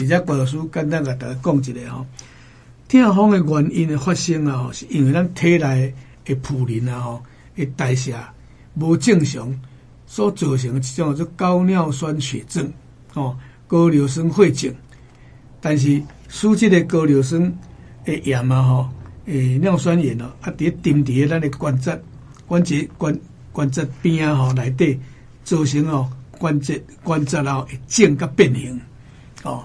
而且，柯老師簡單個大家講一下吼，痛風嘅原因嘅發生啊，是因為咱體內嘅嘌呤啊、吼、嘅代謝無正常所造成嘅一種叫做高尿酸血症，吼，高尿酸血症。但是，刺激個高尿酸嘅炎啊，吼，誒，尿酸鹽啊，啊，佇沉澱咧咱嘅關節、關節、關關節邊啊吼內底造成哦關節、關節後會症甲變形，哦。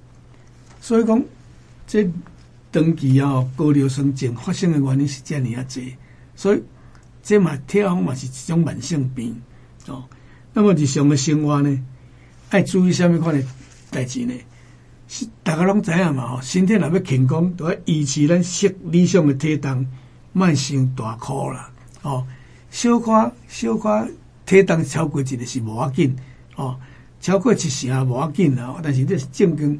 所以講，即長期啊，高尿酸症發生嘅原因是遮爾啊多，所以即嘛體講嘛是一種慢性病哦。那麼日常嘅生活呢，愛注意啥物款嘅代志呢？是大家攏知影嘛。哦，身體若果要健康，著要維持咱適理想嘅體重，唔係大酷啦。哦，小可小可體重超過一個是無要緊哦，超過一成啊無要緊啊，但是這是正經。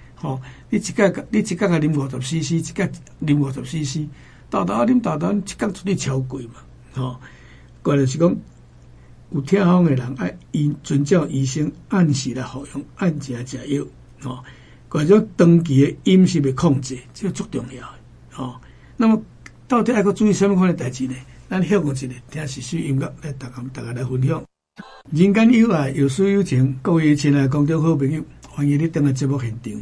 哦，你只甲你一間甲飲五十 c c，一間飲五十 c c，大啖飲大啖，一間做啲超貴嘛。吼、哦，佢就是講有痛風誒人，愛醫遵照醫生按時來服用，按時來食藥。哦，嗰種長期誒飲食誒控制，就、這、足、個、重要。吼、哦。那麼到底愛佢做啥物款誒代志呢？一日聽時事音樂來逐家逐家來分享。人間有愛，有書有情，各位親愛觀眾好朋友，歡迎你登來節目現場。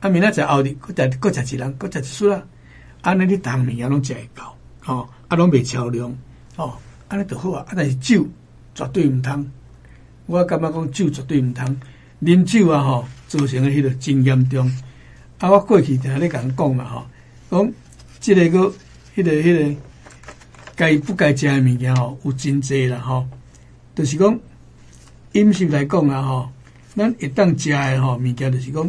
啊明，明仔載後日，擱食，擱食一人，擱食一厝啦。啊，安尼汝逐項物件攏食會到，吼、哦，啊，攏袂超量，吼。安尼著好啊。啊，但是酒絕對毋通。我感覺講酒絕對毋通，啉酒啊，吼，造成迄個真嚴重。啊，我過去就喺甲人講嘛，吼，講，即個個，迄、那個迄、那個該、那個那個、不該食嘅物件，吼，有真濟啦，吼、就是，著是講飲食來講啊，吼，咱一當食嘅吼物件，著是講。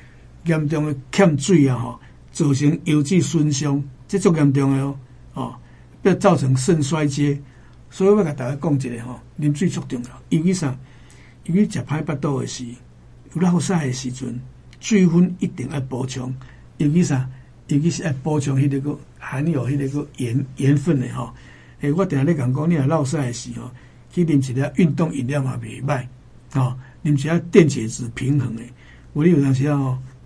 嚴重嘅欠水啊吼，造成油脂損傷，即種嚴重嘅哦，哦，要造成腎衰竭。所以我要甲大家講一個吼、哦，啉水足重要。尤其啥，尤其食歹腹肚嘅時，落屎嘅時陣，水分一定要補充。尤其啥，尤其是要補充迄個個含有迄個個鹽鹽分嘅吼、哦。誒、欸，我定下咧講講，你若落屎嘅時吼，去啉一個運動飲料嘛袂歹吼，啉、哦、一個電解質平衡誒。嘅、哦。我有當時啊吼。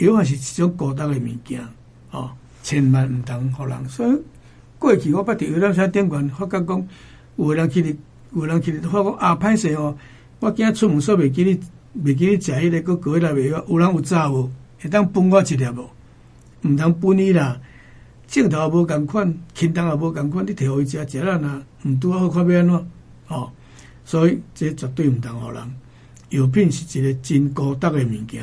藥也是一種高德嘅物件，哦，千萬毋通予人。所以過去我捌佇有咧些頂員發覺講，有誒人去哩，有誒人去哩，發覺啊，歹勢哦！我驚出門，煞未記哩，未記哩食迄個，佮攰來未？有人有走無？會當分我一粒無？毋通分伊啦！鏡頭也無共款，錢袋也無共款，你摕互伊食，食啦呐？毋拄好看咩喏？哦、喔，所以這絕對毋通予人。藥品是一個真高德嘅物件。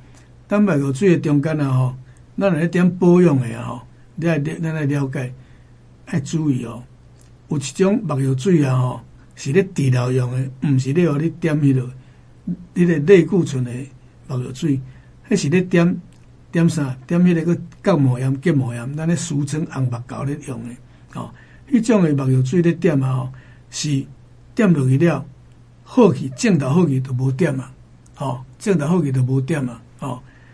三白油水嘅中間啊吼，咱來一點保養嘅啊吼，你來你來了解，愛注意哦、啊。有一種目藥水啊吼，是咧治療用嘅，唔是咧互你點迄、那個，迄、那個類固醇嘅目藥水，迄是咧點點啥點迄個個降毛炎、結膜炎，咱咧俗稱紅目膏咧用嘅。哦，迄種嘅目藥水咧點啊吼，是點落去了，好去正頭好去就無點啊，哦，正頭好去就無點啊，哦